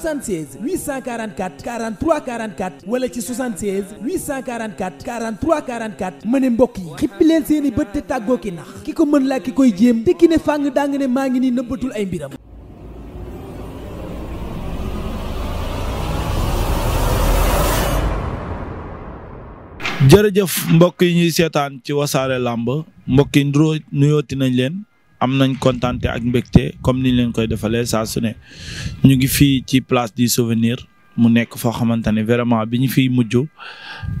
76 844 43 44 wala ci 76 844 43 44 ma ne mbokk yi xippi leen seeni bët te tàggoo ki nax ki ko mën laa koy jéem ne fàng daa nga ne ngi nii nëbbatul ay mbiram. jërëjëf mbokk yi ñuy seetaan ci wasaare làmb mbokk yi nduróo nuyooti nañ leen. am nañ kontante ak mbégte comme ni leen koy defalee saa su ñu ngi fii ci place du souvenir mu nekk foo xamante ne vraiment bi ñu fiy mujj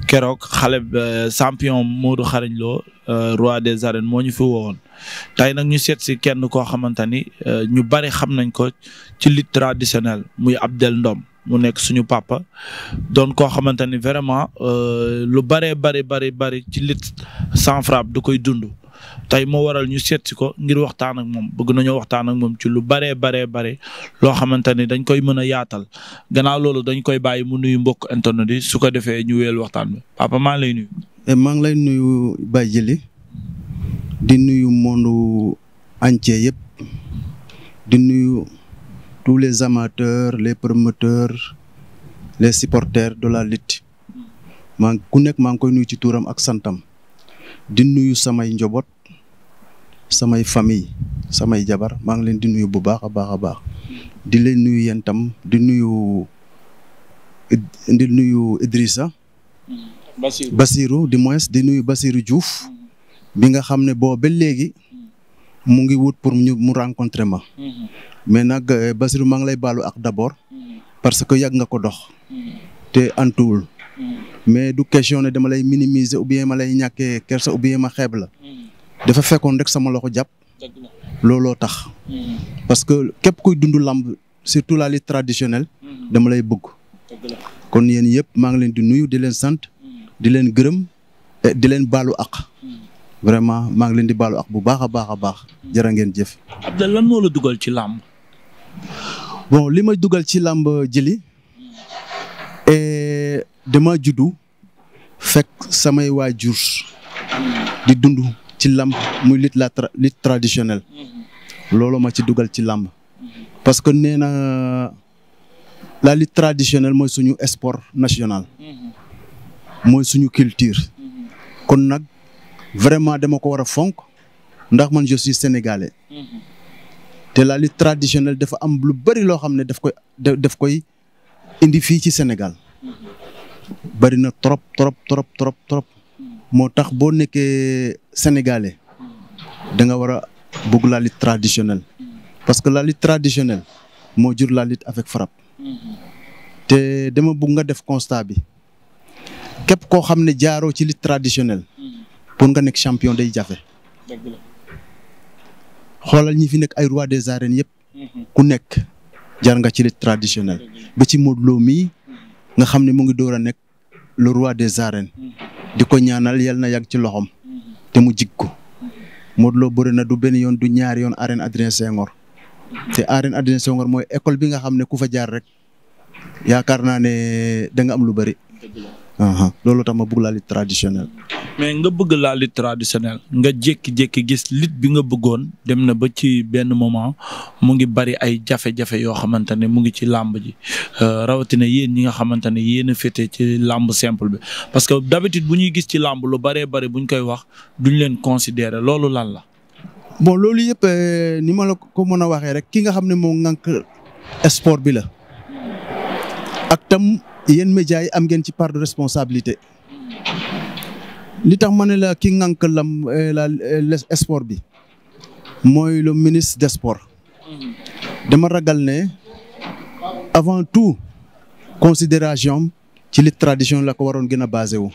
keroog xale euh, champion Modou Xarañ Lo euh, roi des arènes moo ñu fi woowoon tey nag ñu seet si kenn koo xamante ni euh, ñu bari xam nañ ko ci lutte traditionnelle muy Abdel Ndom mu nekk suñu papa doon koo xamante ni vraiment lu baree bari bari bari ci lutte sans frappe du koy dund tey moo waral ñu seet si ko ngir waxtaan ak moom bëgg nañoo waxtaan ak moom ci lu baree baree bare loo xamante ni dañ koy mën a yaatal gannaaw loolu dañ koy bàyyi mu nuyu mbokk internet yi su ko defee ñu wéyal waxtaan bi papa maa ngi lay nuyu. Eh, maa ngi lay nuyu Baye Jili di nuyu monde entier yëpp di nuyu tous les amateurs les promoteurs les supporters de la lutte maa ku nekk maa ngi koy nuyu ci tuuram ak santam. di nuyu samay njoboot samay famille samay jabar maa ngi leen di nuyu bu baax a baax a baax di leen nuyu yéen tam di nuyu di nuyu Idrissa Basiru Basiru di moins di nuyu bassiru Diouf bi nga xam ne boo ba léegi mu ngi wut pour ñu mu rencontrer ma mais nag eh, Basiru maa ngi lay baalu ak d'abord parce que yàgg nga ko dox te antuwul mais du question ne dama lay minimiser ou bien ma lay ñàkkee kersa ou bien ma xeeb la dafa fekkoon rek sama loxo jàpp looloo tax parce que képp kuy dund làmb surtout la lutte traditionnelle dama lay bëgg kon yéen yëpp maa ngi leen di nuyu di leen sant di leen gërëm eh, di leen baalu ak vraiment maa ngi leen di baalu ak bu baax a baax a baax jërë ngeen jëf. lan moo la dugal ci làmb. bon li ma dugal ci làmb jëli Eh, dama juddu fekk samay waajur di dund ci làmb muy lutte la lutte traditionnelle loolu ma ci dugal ci làmb parce que nee na la lutte traditionnelle mooy suñu sport national mooy suñu culture kon nag vraiment dama ko war a fonk ndax man je suis sénégalais te la lutte traditionnelle dafa am lu bëri loo xam ne daf koy daf koy indi fii ci Sénégal bari na trop trop trop trop trop moo tax boo nekkee sénégalais danga nga war a bëgg la lutte traditionnelle parce que la lutte traditionnelle moo jur la lutte avec frappe te dama bugg nga def constat bi képp koo xam ne jaaroo ci lutte traditionnelle pour nga nekk champion day jafe xoolal ñi fi nekk ay roi des arènes yëpp mhm. ku nekk jaar nga ci lutte traditionnelle ba ci Modou Lo mii nga xam ne mu ngi door a nekk le roi des arènes di ko ñaanal yal na yàgg ci loxom te mu jig ko Modou Lo bëri na du benn yoon du ñaari yoon arène Adrien Senghor te arène Adrien Senghor mooy école bi nga xam ne ku fa jaar rek yaakaar naa ne da nga am lu bëri. loolu tax ma bugg laa li traditionnel. mais nga bëgg laa lutte traditionnelle nga jékki-jékki gis lutte bi nga bëggoon dem na ba ci benn moment mu ngi bari ay jafe-jafe yoo xamante ne mu ngi ci làmb ji euh, rawatina yéen ñi nga xamante ne yéen a ci làmb simple bi parce que d'habitude bu ñuy gis ci làmb lu baree bari bu ñu koy wax duñ leen considérer loolu lan la. boo loolu yëpp euh, ni ma la ko mën a waxee rek ki nga xam ne moom ŋànk sport bi la ak tam yéen médias yi am ngeen ci part de responsabilité. li tax ma ne la ki ngànk lam eh, la eh, sport bi mooy le ministre de sports dama ragal ne avant tout considération ci lutte traditionnelle la ko waroon gën a basé wu.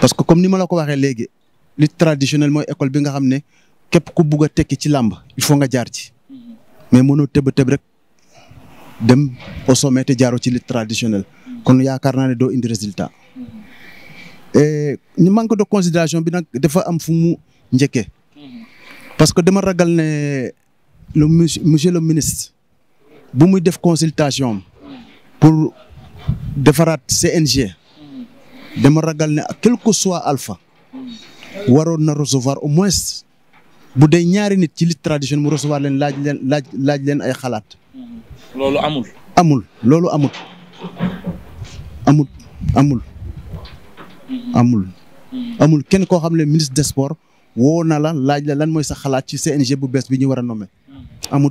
parce que comme ni ma la ko waxee léegi lutte traditionnelle mooy école bi nga xam ne képp ku bugg a tekki ci làmb il faut nga jaar ci mais mënoo tëb tëb rek dem au sommet te ci lutte traditionnel kon yaakaar naa ne doo indi résultat. ñu eh, manque de considération bi nag dafa am fu mu njëkke parce que dama ragal ne le monsieur le ministre bu muy def consultation pour defaraat CNG dama ragal ne quel que soit alpha waroon na recevoir au moins bu dee ñaari nit ci lutte traditionnelle mu recevoir leen laaj leen laaj laaj leen ay xalaat. loolu amul. amul loolu amul amul. amul amul kenn koo xam ne ministre des woo na la laaj la lan mooy sa xalaat ci CNG bu bees bi ñuy war a nommé amul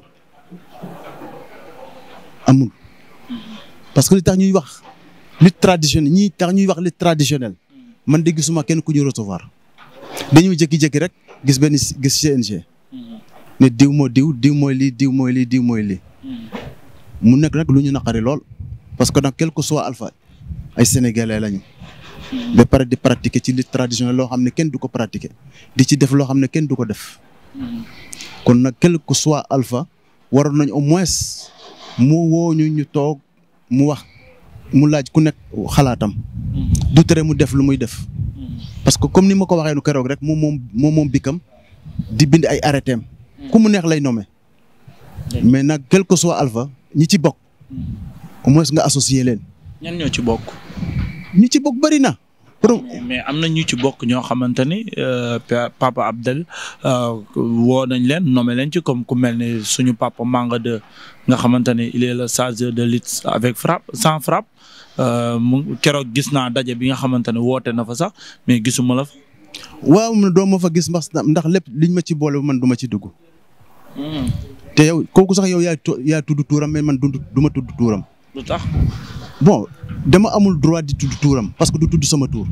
parce que li tax ñuy wax lutte traditionnelle ñi tax ñuy wax lutte traditionnelle man de gisuma kenn ku ñu recevoir dañuy jékki-jékki rek gis benn gis CNG ne diw moo diw diw mooy lii diw mooy li diw mooy lii mu nekk nag lu ñu naqari lool parce que nag quel soit alpha ay sénégalais lañu ba pare di pratiquer ci lutte traditionnelle loo xam ne kenn du ko pratiquer di ci def loo xam ne kenn du ko def. kon nag quel que soit alpha waroon nañ au moins mu woo ñu ñu toog mu wax mu laaj ku nekk xalaatam. du tere mu def lu muy def. parce que comme ni ma ko waxee nu keroog rek moom moom moom moom bikam di bind ay arrêté am ku mu neex lay nommé. mais nag quel que soit alpha ñi ci bokk. au nga associé leen. ñan ñoo ci bokk. ñi ci bokk bëri mais am na ñu ci bokk ñoo xamante ni euh, papa Abdel euh, woo nañ leen nommé leen ci comme ku mel ni suñu papa Manga de nga xamante ni il est le chargeur de lutte avec frappe sans frappe euh, mu keroog gis naa daje bi nga xamante ne woote na fa sax mais gisuma la fa. doom doo ma fa gis ndax ndax lépp liñ ma ci boole man duma ci dugg. Hmm. te yow kooku sax yow yaa yaa tudd tuuram mais man du du tudd tuuram. bon dama amul droit di tuuram parce que du tudd sama tuur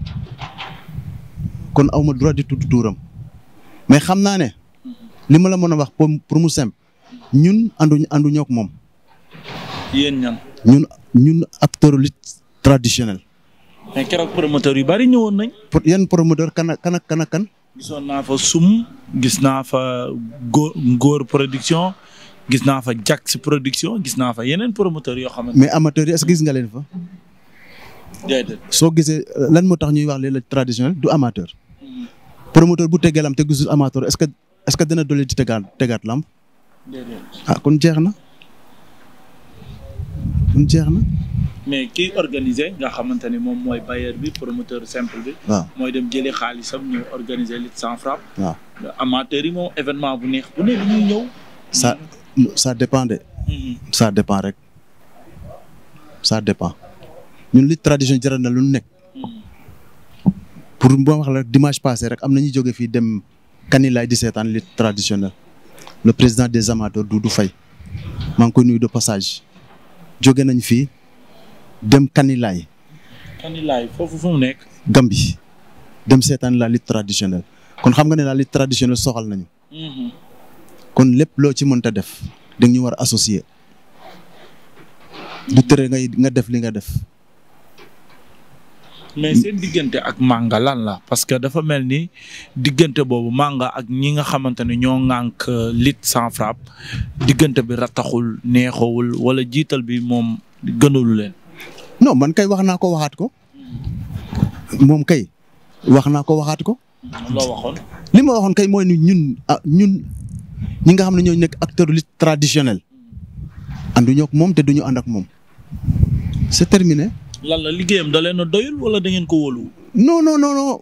kon awma droit di tudd tuuram mais xam naa ne li la mën a wax pour mu simple ñun ànduñu ànduñoo moom. yéen ñan. ñun ñun acteur lutte traditionnel. mais keroog promoteur yu bari ñëwoon nañ. pour yan promoteur kan ak kan kan. gisoon naa fa sum gis naa fa góor góor production gis naa fa Jax production gis naa fa yeneen promoteurs yoo xamante mais amateurs yi est gis nga leen fa. soo gisee euh, lan moo tax ñuy wax léeg-léeg du amateur. promoteur bu teggee lam te gisul amateur est que est-ce que dana dolli ci tegaat tegaat lam ah kon jeex na kon jeex na. mais kiy organiser nga xamante ni moom mooy bailleur bi promoteur simple bi. waaw mooy dem jëlee xaalisam ñuy organiser lutte sans frappe. waaw amateurs yi moom événement bu neex bu ne dañuy ñëw. sa sa dépend de. Mm-hmm. ça dépend rek ça dépend ñun li tradition jaral na lu nekk. Mm-hmm. pour boo wax la dimanche passé rek am na ñu jóge fii dem Kanilaay di seetaan li traditionnel le président des amateurs du du maa ngi koy nuyu de passage jóge nañ fi dem Kanilaay. Kanilaay foofu fu mu nekk. Gambie dem seetaan la lutte traditionnelle kon xam nga ne la lutte traditionnelle soxal nañu. Mm-hmm. kon lépp loo ci mënta def da ñu war associé du tere ngay nga def li nga def. mais seen diggante ak Manga lan la parce que dafa mel ni diggante boobu Manga ak ñi nga xamante ne ñoo ŋànk euh, lit sans frappe diggante bi rattaxul neexawul wala jiital bi moom gënalu leen. non man kay wax naa ko waxaat ko moom kay wax naa ko waxaat ko. li ma waxoon kay mooy ni ñun ah, ñi nga xam ne ñoo nekk acteur lutte traditionnel ànduñu ak moom te duñu ànd ak moom c'est terminé. lan la liggéeyam da leen a doyul wala da ngeen ko wóolu. non non non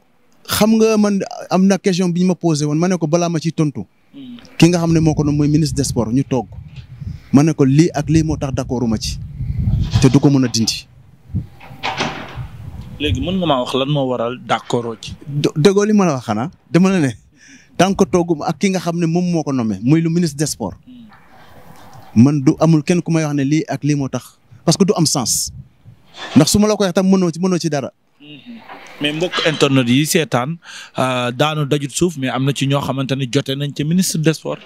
xam nga man am na question bi ñu ma posé woon ma ne ko balaa ma ciy tontu. Hmm. ki nga xam ne moo ko doon mooy ministre des sports ñu toog ma ne ko lii ak lii moo tax d'accordu ma ci te du ko mën a dindi. léegi mën nga maa wax lan moo waral d'accord ci. dëggoo li ma la wax xanaa dama la ne. tant que toogum ak ki nga xam ne moom moo ko nommé muy lu ministre des sports man du amul kenn ku may wax ne lii ak lii moo tax parce que du am sens ndax su ma la ko wax tam mënoo ci mënoo ci dara. mais mbokk internet yi seetaan euh, daanu dajut suuf mais am na ci ñoo xamante ne jote nañ ci ministre des sports.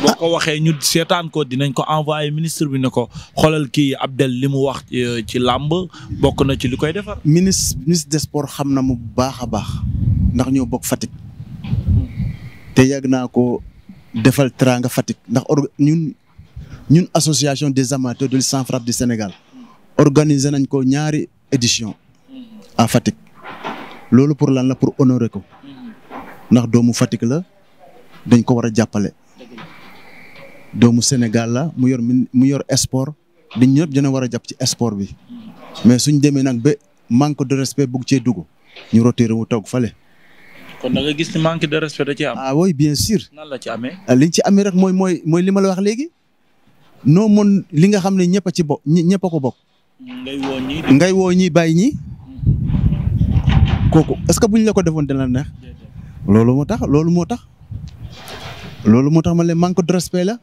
boo ko waxee ñu seetaan ko dinañ ko envoyé ministre bi ne ko xoolal kii Abdel li mu wax euh, ci làmb bokk na ci li koy defar. ministre ministre des sports xam na mu baax a baax ndax ñoo bokk Fatick. te yàgg naa ko defal teranga Fatick ndax ñun ñun association des amateurs de lutte sans frappe du Sénégal organiser nañ ko ñaari édition à Fatick loolu pour lan la pour honorer ko ndax doomu Fatick la dañ ko war a jàppale doomu Sénégal la mu yor mu yor sport dañ ñëpp dina war a jàpp ci sport bi mais suñ demee nag ba manque de respect bugg cee dugg ñu roteere wu toog fale kon da nga gis ne manque de respect da ci am. Ah bien sûr. nan la ci amee. Ah, li ci amee rek mooy mooy mooy li ma wax léegi. noo mën li nga xam ne ñëpp a ci bokk ñëpp ko bokk. ngay woo ñii ngay woo ñii bàyyi ñii. kooku est ce que buñ la ko defoon dina neex. loolu moo tax loolu moo tax. loolu moo tax ma ne manque de respect la.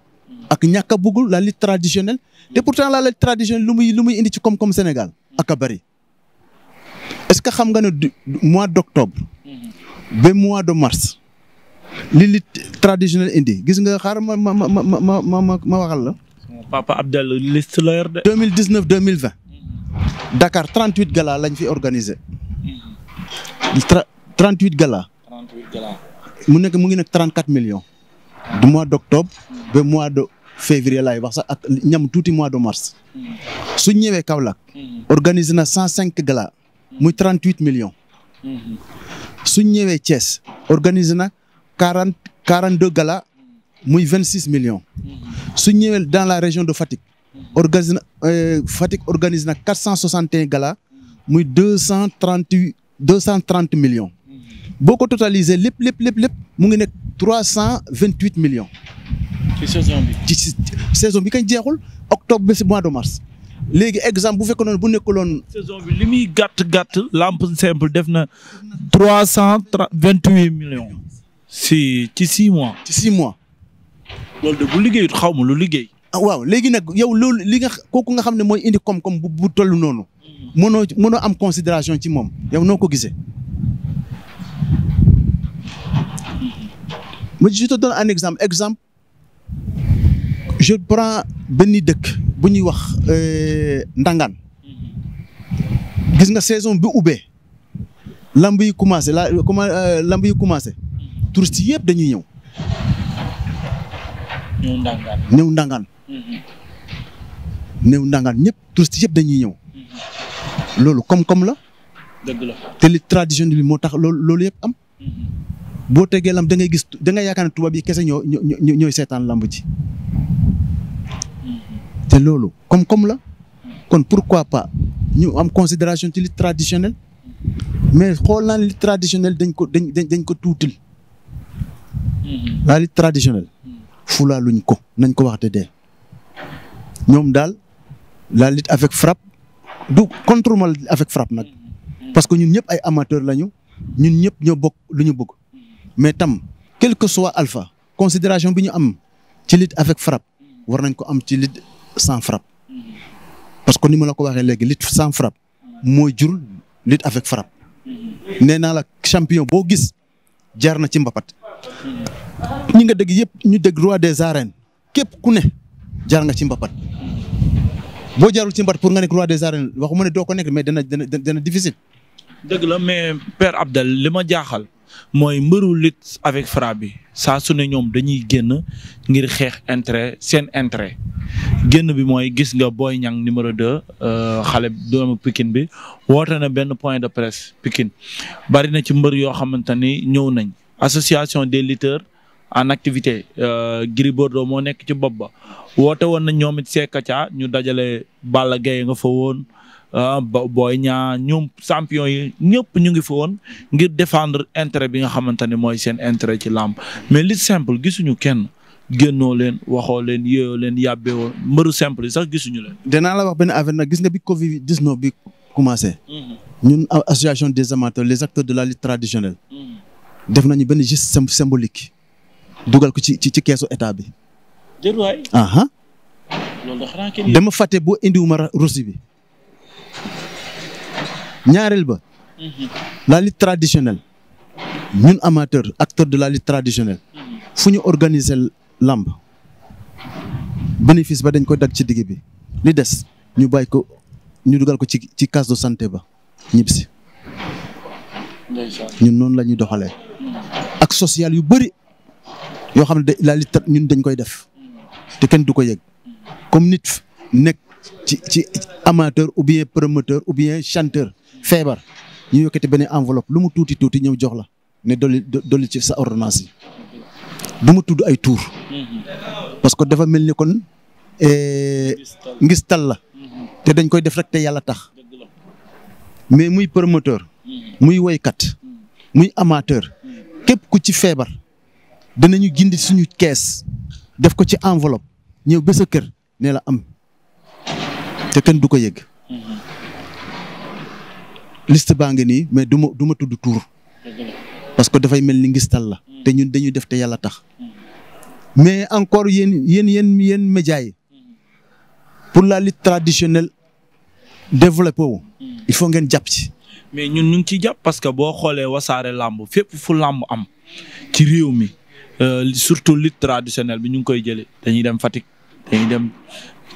ak ñàkk a bëggul la lutte traditionnelle. te pourtant la lutte traditionnelle lu muy lu muy indi ci koom-koom Sénégal. ak a bari est ce que xam nga ne mois d' octobre. Mhm. ba mois de mars li lutte traditionnelle indi gis nga xaar ma ma ma ma ma ma waxal la. papa Abdel liste la yor de. 2019 2020 Dakar 38 gala lañ fi organisé. 38 gala. mu nekk mu ngi nekk 34 millions. du mois d' octobre. mois de février laay wax sax ak ñam tuuti mois de mars. su ñëwee Kaolack. Mm. organisé na 105 gala. muy 38 millions. Mm-hmm. suñ ñëwee Thiès organiser na quarante quarante deux gala muy vingt six millions. suñ ñëwee dans la région de Fatick. organise na euh, Fatick organise na quatre cent soixante et un gala muy deux cent trente huit deux cent trente millions. boo ko totaliser lépp lépp lépp lépp mu ngi nekk trois cent vingt huit millions. ci saison bi ci kañ jeexul octobre ba si mois de mars. léegi exemple bu fekk ne bu nekkuloon. saison bi li muy gàtt gàtt. lampe simple def na trois cent vingt huit millions. si ci six mois. ci mois. loolu de bu xaw ma lu liggéey. ah waaw léegi nag yow loolu li nga kooku nga xam ne mooy indi koom-koom bu bu toll noonu. mënoo am considération ci moom. yow noo ko gisee. ma je te exemple exemple. je prends benni dëkk bu ñuy wax euh, Ndangaan gis nga saison bi ubbee lamb yi commencé la euh, comment euh, lamb commencé touristes yëpp dañuy ñëw. ñëw Ndangaan ñëw Ndangaan. ñëw Ndangaan ñëpp touristes yëpp dañuy ñëw. loolu koom-koom la. dëgg la te li tradition bi moo tax loolu loolu yëpp am. Mhm. boo tegee lamb da ngay gis da ngay yaakaar ne tubaab yi kese ñoo ñoo ñooy seetaan lamb ci te loolu koom comme la kon pourquoi pas ñu am considération ci li traditionnel mais xool naa li traditionnel dañ ko dañ dañ ko tuutil mm-hmm. laa li traditionnel mm-hmm. fulaaluñ ko nañ ko wax te dee ñoom daal la lutte avec frappe du contre ma avec frappe nag mm-hmm. parce que ñun ñëpp ay amateur lañu ñun ñëpp ñoo bokk lu ñu bëgg mais tam quel que alpha considération bi ñu am ci lutte avec frappe war ko am ci lutte sans frappe parce que ni ma la ko waxee léegi lutte sans frappe mooy jur lutte avec frappe nee naa la champion boo gis jaar na ci mbapat ñi nga dégg yëpp ñu dégg roi des arènes képp ku ne jaar nga ci mbapat boo jaarul ci mbapat pour nga nekk roi des arènes waxuma ne doo ko nekk mais dana dana dana mais Père Abdel li jaaxal. mooy mbëru lutte avec frappe bi saa su ñoom dañuy génn ngir xeex intérêt seen intérêt génn bi mooy gis nga Boy Niang numéro 2 euh, xale doomu Pikine bi woote na benn point de presse Pikine bari na ci mbër yoo xamante ni ñëw nañ association des lutteurs en activité euh, Gris Bordeaux moo nekk ci bopp ba woote woon na ñoom it Sekatia ñu dajale Balla Gaye nga fa woon Ah, Boy ñaa ñoom champion yi ñëpp ñu ngi fi woon ngir défendre intérêt bi nga xamante ne mooy seen intérêt ci làmp mais li simple gisuñu kenn génnoo leen waxoo leen yéeyoo leen yàbbeewoo mbëru simple yi sax gisuñu leen. danaa la wax benn affaire nag gis nga bi Covid 19 bi commencé. Mm-hmm. ñun association des amateurs les acteurs de la lutte traditionnelle. Mm-hmm. def nañu benn geste symbolique. dugal ko ci ci ci keesu état bi. jërëjëf waay. loolu dama fàtte boo indiwuma rosi bi. ñaareel ba. Mhm. la lutte traditionnelle ñun amateur acteur de la lutte traditionnelle mhm. fu ñu organiser làmb bénéfice ba dañ koy dagg ci digg bi li des ñu bàyyi ko ñu dugal ko ci ci case de santé ba ñibbisi ñun noonu la ñuy doxalee mhm. ak sociale yu bëri yoo xam ne la ñun dañ koy def te kenn du ko yëg comme nit nekk ci ci amateur ou bien promoteur ou bien chanteur feebar ñu yokkati benn enveloppe lu mu tuuti tuuti ñëw jox la ne dolli dolli ci sa ordonnance yi du tudd ay tuur parce que dafa mel ni kon eh, ngis tal la te dañ koy def rek te yàlla tax mais muy promoteur muy woykat muy amateur képp ku ci feebar danañu gindi suñu kees def ko ci enveloppe ñëw ba sa kër ne la am te kenn du ko yëg. liste baa ngi nii mais du ma du ma tudd tuur. parce que dafay mel ni ngistal la. te ñun dañuy def te yàlla tax. mais encore yéen yéen yéen yéen médias yi. pour la lutte traditionnelle développé wu. il faut ngeen jàpp ci. mais ñun ñu ngi ciy jàpp parce que boo xoolee wasaare làmb fépp fu làmb am ci réew mi euh, surtout lutte traditionnelle bi ñu ngi koy jëlee dañuy dem Fatick dañuy dem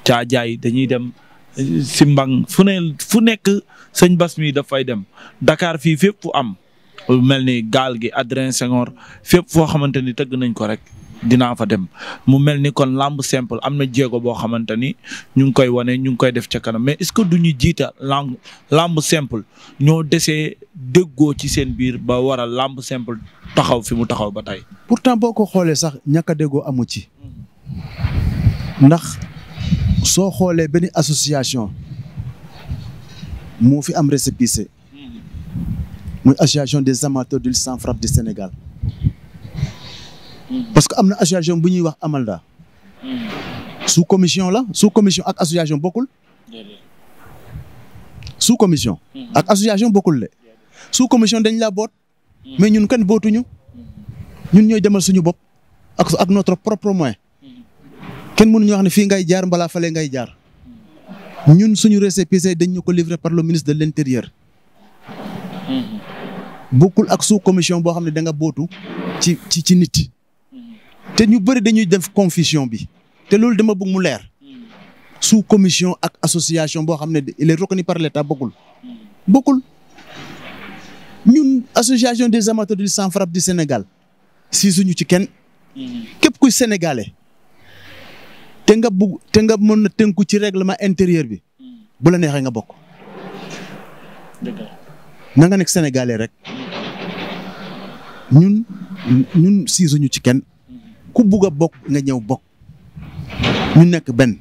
Caajaay dañuy dem. Simbang fu ne fu nekk sëñ Bas mi dafay dem dakaar fii fépp fu am lu mel ni gaal gi Adrien Senghor fépp foo xamante ni tëgg nañ ko rek dinaa fa dem mu mel ni kon làmb simple am na jéego boo xamante ni ñu ngi koy wane ñu ngi koy def ca kanam mais est-ce que du ñu jiita lamb lamb simple ñoo desee déggoo ci seen biir ba waral làmb simple taxaw fi mu taxaw ba tey. pourtant boo ko xoolee sax ñàkk a amu ci ndax soo xoolee benn association moo fi am récépissé muy association des amateurs d'huile sans frappe du Sénégal parce que am na association bu ñuy wax Amalda sous commission la sous commission ak association bokkul sous commission ak association bokkul le sous commission dañ la boot mais ñun kan bootuñu ñun ñooy demal suñu bopp ak ak notre propre moyen kenn mënuñu wax ne fii ngay jaar mbala fale ngay jaar ñun suñu récépissé dañ ñu ko livré par le ministre de l' intérieur. bokkul ak su commission boo xam ne danga bootu ci ci ci nit. te ñu bëri dañuy def confusion bi te loolu dama bugg mu leer. sous commission ak association boo xam ne il est reconnu par l' état bokkul. bokkul ñun association des amateurs du sans frappe du Sénégal si suñu ci kenn. Mm-hmm. képp kuy sénégalais. te nga bugg te nga mën na tenku ci règlement intérieur bi bu neexee nga bokk. na nga nekk sénégalais rek ñun ñun siisuñu ci kenn ku bugg a bokk nga ñëw bokk ñu nekk benn.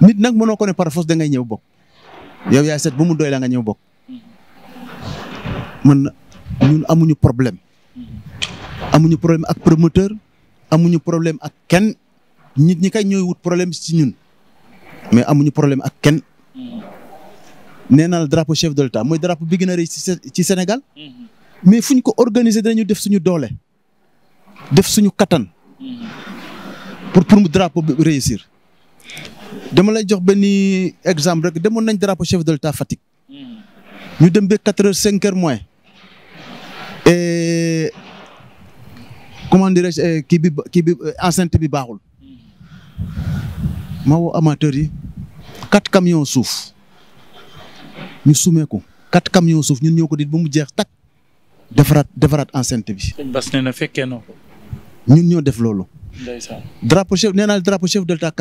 nit nag mënoo ko ne par force da ngay ñëw bokk yow yaay seet bu mu doy la nga ñëw bokk man ñun amuñu problème amuñu problème ak promoteur amuñu problème ak kenn nit ñi kay ñooy wut problème ci ñun mais amuñu problème ak kenn nee naa la drapeau chef de l'État mooy drapeau bi gën a rëy ci Sénégal mais fu ñu ko organiser dinañu def suñu doole def suñu kattan pour pour mu drapeau bi réussir dama lay jox benn exemple rek demoon nañ drapeau chef de l'État Fatick ñu dem ba quatre heures cinq heures moins et comment dirais-je eh, kii bi kii bi enceinte bi baaxul. ma woo yi quatre camions suuf ñu sumee ko quatre camions suuf ñun ñoo ko dit ba mu jeex tak defaraat defaraat enceinte bi. bas nee na fekkee na ko. ñun ñoo def loolu. ndeysaan drapeau chef nee naa drapeau chef de l'État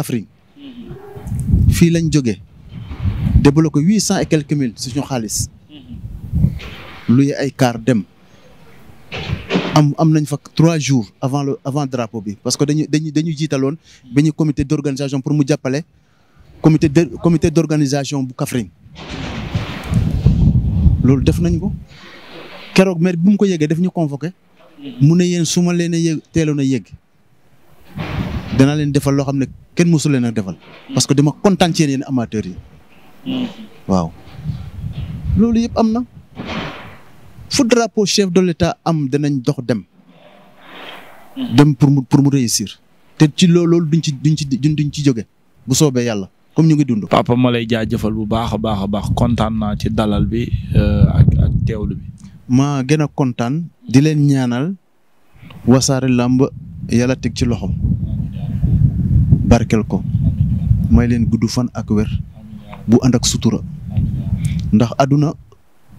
fii lañ jógee. débloqué huit cent et quelques mille suñu xaalis. Mhm. luy ay car dem. am am nañ fa trois jours avant avant drapeau bi parce que dañu dañu dañu ba ñu comité d' organisation pour mu jàppale comité de comité d' organisation bu Kaffrine loolu def nañ ko keroog maire bi mu ko yëgee def ñu convoqué mu ne yéen suma ma leen a yëg teeloon a yëg danaa leen defal loo xam ne kenn mosu leen a defal parce que dama kontaan ci yéen amateurs yi mm. loolu yëpp am na. fu drapeau chef de l'État am danañ dox dem. dem pour mu pour mu réussir te ci loolu duñ ci duñ ci duñ ci jóge bu soobee yàlla comme ñu ngi dund. papa ma lay jëfal bu baax a baax a baax kontaan naa ci dalal bi euh, ak ak teewlu bi. ma gën a kontaan di leen ñaanal wasaare làmb yàlla teg ci loxo barkel ko may leen gudd fan ak wér bu ànd ak sutura ndax àdduna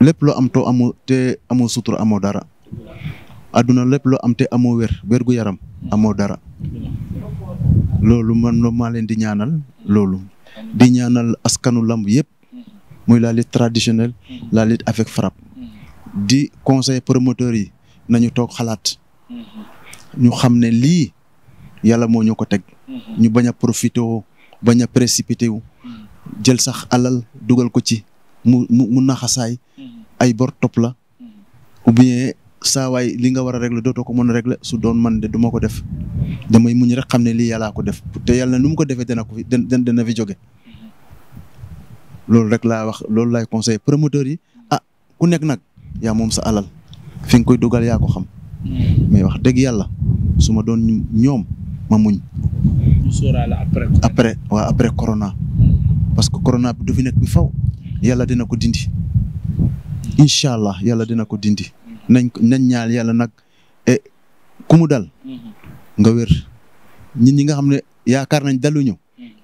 lépp loo am too amoo te amoo sutura amoo dara àdduna lépp loo am te amoo wér wér gu yaram amoo dara loolu man loolu leen di ñaanal loolu di ñaanal askanu lamb yëpp muy la lutte traditionnelle la lutte avec di conseil promoteurs yi nañu toog xalaat ñu xam ne lii yàlla mooñu ko teg ñu bañ a profité woo bañ a précipité wu jël sax alal dugal ko ci mu mu mu naxasaay mm-hmm. ay bor topp la mm-hmm. ou bien saa waay li nga war a régler dootoo ko mën a régler su doon man de du ma ko def damay muñ rek xam ne lii yàllaa ko def te yàlla nu mu ko defee dena ko fi dana dana fi mm-hmm. rek laa wax loolu laay conseil promoteur yi a ah, ku nekk nag yaa moom sa alal fi koy dugal yaa ko xam mais wax dëgg yàlla su ma doon ñoom ma muñ après après waaw après corona parce que corona bi nekk bi faw yàlla dina ko dindi incha allah yàlla dina ko dindi nañ nañ ñaal yàlla nag e ku dal nga wér ñit ñi nga xam ne yaakaar nañ daluñu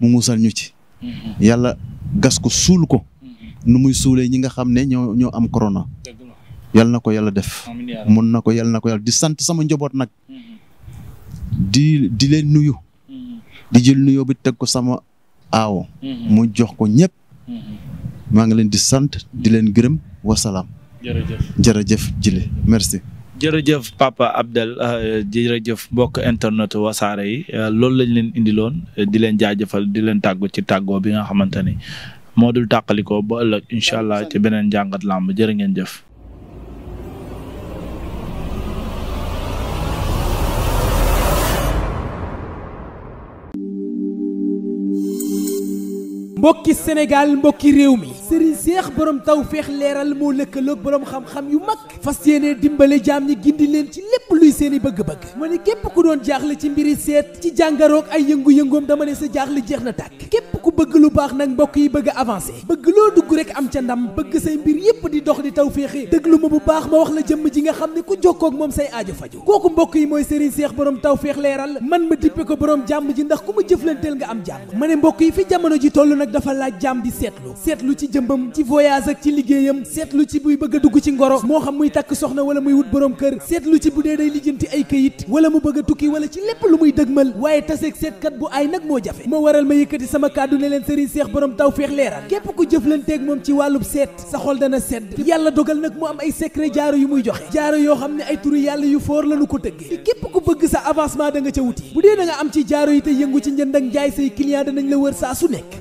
mu musal ñu ci yàlla gas ko suul ko nu muy suulee ñi nga xam ne ñoo ñoo am corona yàlla na ko yàlla def mun na ko yàlla na ko yàlla di sant sama njaboot nag di di leen nuyu mm-hmm. di jël nuyoo bi teg ko sama aawo mm-hmm. mu jox ko ñëpp mm-hmm. maa ngi leen di sant di leen gërëm wasalaam. jërëjëf jërëjëf Jili merci. jërëjëf papa Abdel euh, jërëjëf mbokk internet wasaare yi euh, loolu lañ leen indiloon di leen jaajëfal di leen tàggu ci tàggoo bi nga xamante ni moo dul tàqalikoo ba ëllëg incha allah ci beneen jàngat làmb jërë ngeen jëf. mbokki Sénégal mbokki réew mi Serigne Seex borom tawféex leeral moo lëkkaloog borom xam-xam yu mag fas yéene dimbale jaam ñi gindi leen ci lépp luy seeni bëgg-bëgg ma ne képp ku doon jaaxle ci mbiri seet ci jàngaroog ay yëngu-yëngoom ne sa jaaxle jeex na tàkk képp ku bëgg lu baax nag mbokk yi bëgg a bëgg loo dugg rek am ca ndam bëgg say mbir yépp di dox di tawféexe déglu ma bu baax ma wax la jëmm ji nga xam ne ku jokkoo ak moom say aajo faju kooku mbokk yi mooy Serigne Seex borom tawféex leeral man ma dippe ko borom jàmm ji ndax ku ma jëflanteel nga am jàmm ma ne mbokk yi fi jamono ji toll nag dafa laaj jaam di seetlu seetlu ci jëmbam ci voyage ak ci liggéeyam seetlu ci buy bëgg dugg ci ngoro moo xam muy takk soxna wala muy wut borom kër seetlu ci bu dee day lijjanti ay këyit wala mu bëgg tukki wala ci lépp lu muy dëgmal waaye taseeg seetkat bu ay nag moo jafe ma waral ma yëkkati sama kàddu ne leen sëriñ seex borom taw feex leeral képp ko jëflanteeg moom ci wàllub seet sa xol dana sedd yàlla dogal nag mu am ay secret jaaro yu muy joxe jaaro yoo xam ne ay turu yàlla yu foor lanu ko tëggee képp ku bëgg sa avancement da nga ca wuti bu dee am ci jaaro yi te yëngu ci njënd ak njaay say client danañ la wër saa su nekk